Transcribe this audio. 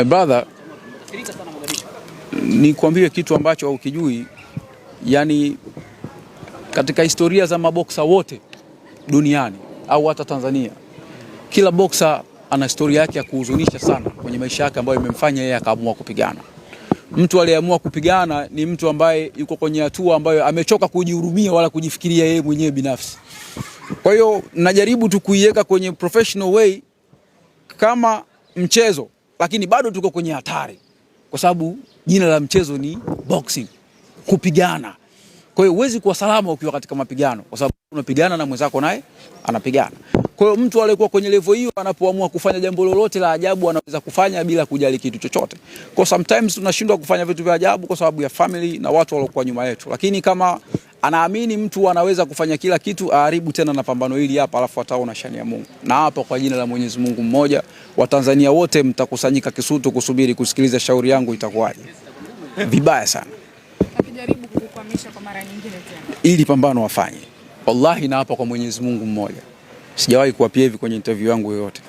My eh, brother, nikwambie kitu ambacho haukijui. Yani, katika historia za maboksa wote duniani au hata Tanzania, kila boksa ana historia yake ya kuhuzunisha sana kwenye maisha yake ambayo imemfanya yeye akaamua kupigana. Mtu aliyeamua kupigana ni mtu ambaye yuko kwenye hatua ambayo amechoka kujihurumia wala kujifikiria yeye mwenyewe binafsi. Kwa hiyo najaribu tu kuiweka kwenye professional way kama mchezo lakini bado tuko kwenye hatari, kwa sababu jina la mchezo ni boxing, kupigana. Kwa hiyo huwezi kuwa salama ukiwa katika mapigano, kwa sababu unapigana na mwenzako naye anapigana. Kwa hiyo mtu aliyekuwa kwenye level hiyo anapoamua kufanya jambo lolote la ajabu anaweza kufanya bila kujali kitu chochote. Kwa sometimes tunashindwa kufanya vitu vya ajabu kwa sababu ya family na watu waliokuwa nyuma yetu, lakini kama anaamini mtu anaweza kufanya kila kitu aharibu tena na pambano hili hapa, alafu ataona shani ya Mungu. Na hapa kwa jina la Mwenyezi Mungu mmoja, Watanzania wote mtakusanyika Kisutu kusubiri kusikiliza shauri yangu itakuwaje. Vibaya sana akijaribu kukukwamisha kwa mara nyingine tena, ili pambano wafanye. Wallahi, na hapa kwa Mwenyezi Mungu mmoja, sijawahi kuwapia hivi kwenye interview yangu yoyote.